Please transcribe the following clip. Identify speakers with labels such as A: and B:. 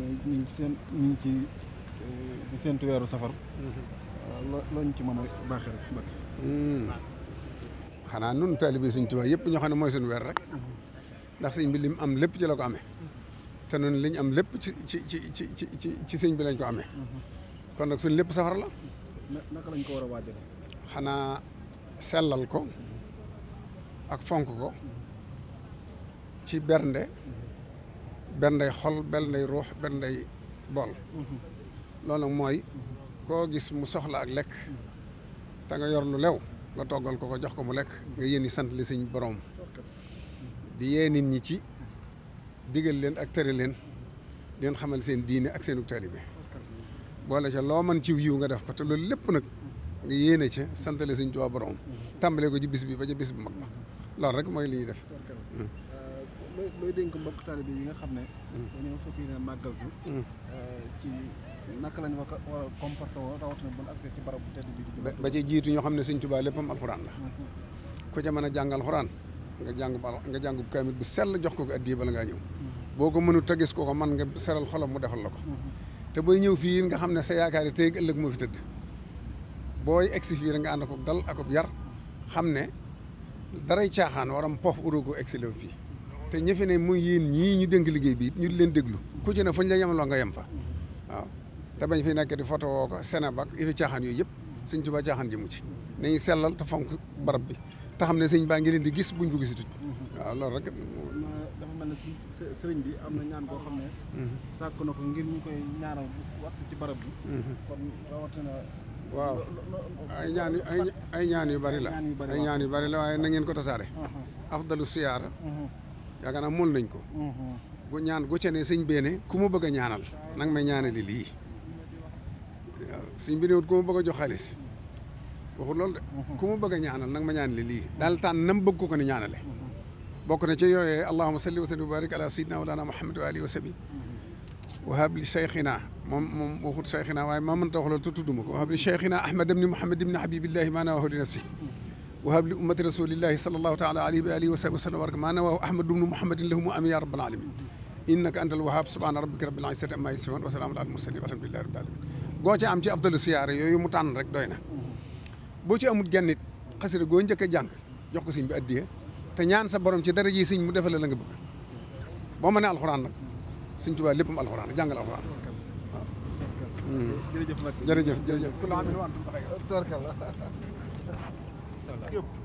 A: ñu ngi ñu ci eh, di seentu weeru safar. Mm-hmm. loo ci mën a baaxee rek mbokk. Mm. xanaa nun taalibe Sëñ Tuubaa yëpp ñoo xam ne mooy suñu weer rek. Mm-hmm. ndax sëñ bi lim am lépp ci la ko amee. Mm-hmm. te nun liñ am lépp ci ci ci ci ci ci sëñ bi lañ ko amee. kon nag suñ lépp safar la. lañ ko war a waajal. xanaa sellal ko. ak fonk ko. ci bernde. benn day xol benn day ruux benn day bool loolu nag mooy koo gis mu soxla ak lekk te nga yor lu lew nga toggal ko ko jox ko mu lekk nga yéen i sant li suñ borom di yee nit ñi ci digal leen ak tere leen di leen xamal seen diine ak seen taalibe boole ca loo mën ci yiw nga def ko te loolu lépp nag nga yéene ca sant li suñ Tuubaa borom tàmbale ko ci bis bi ba ca bis bu mag ba loolu rek mooy li ñuy def
B: looy looy dénk mbokk taalibe yi nga xam ne. Mm. dañoo fas yéene màggal si. Mm. Euh, ci naka lañ war a war a comporté
A: ba ci jiitu ñoo xam ne Sëñ Tuubaa léppam alxuraan la. Mm-hmm. ku ca mën a jàng alxuraan nga jàng nga jàngub kaamil bu sell jox ko ko addiya bala ngaa ñëw. Mm-hmm. boo ko mënut a gis ko ko man nga seral xolam mu defal la ko. Mm-hmm. te booy ñëw fii nga xam ne sa yaakaar yi tey ëllëg moo fi tëdd. booy egsi fii nga ànd ko dal ak yar xam ne daray caaxaan waram pof uroo ko egsi fii. te ñi fi mu yéen ñii ñu dénk liggéey bi ñu di leen déglu ku ci ne fu ñu la yemaloo nga yem fa waaw te bañ fi nekk di foto woo ko Sénégal yi fi caaxaan yooyu yëpp suñ Tuubaa caaxaan ji mu ci nañu sellal te fonk barab bi te xam ne sëñ baa ngi leen di gis buñ ko gisatut waaw loolu rek.
B: dafa mel ne sëriñ bi am na ñaan boo xam ne. Mhm. sàkk na ko ngir ñu koy ñaanal wax ci barab bi. Mhm. kon rawatina. ay ñaan yu bari la ay ñaan yu bari la waaye na ngeen ko tasaare.
A: afdalu siyaara. Mhm. yaakaar naa mën nañ ko. Mhm. gu ñaan gu ca ne sëñ bee ne ku ma bëgg ñaanal nag may ñaanali lii waaw sëñ bi wut ku ma bëgg a jox xaalis waxul loolu de. Mhm. ku ma bëgg a ñaanal nag ma ñaanali lii daal tan nam bëgg ko ko ne ñaanale. Mhm. bokk na ci yooyee allahumma salli wa sallim wa barik ala sayyidina walana muhammad wa alihi wa sabi wahab li cheikhina moom moom waxut cheikhina waaye maa mënta wax loolu te tudduma ko wahab li cheikhina ahmad ibni muhammad ibni habibillahi maana waxu li nafsi wahab li ummati rasulillahi sallallahu taala alayhi wa alihi wa sahbihi wa sallam waraka maa nawaahu ahmadu bnu muhammadin lahu mu am ya rabbal alamin innaka amma yasifun wa salamun mursalin walhamdulillahi ci am ci afdalu siyaare yooyu mu tànn rek doy boo ci amul gennit xasida goo njëkk a jàng jox ko sëñ bi addiya te ñaan sa borom ci dara ji sëñ mu defal la nga bëgg boo mënee alxuraan nag sëñ Tuubaa léppam alxuraan jàngal alxuraan waaw.
B: Hmm. jërëjëf jërëjëf jërëjëf ku la amin wa antum incha allah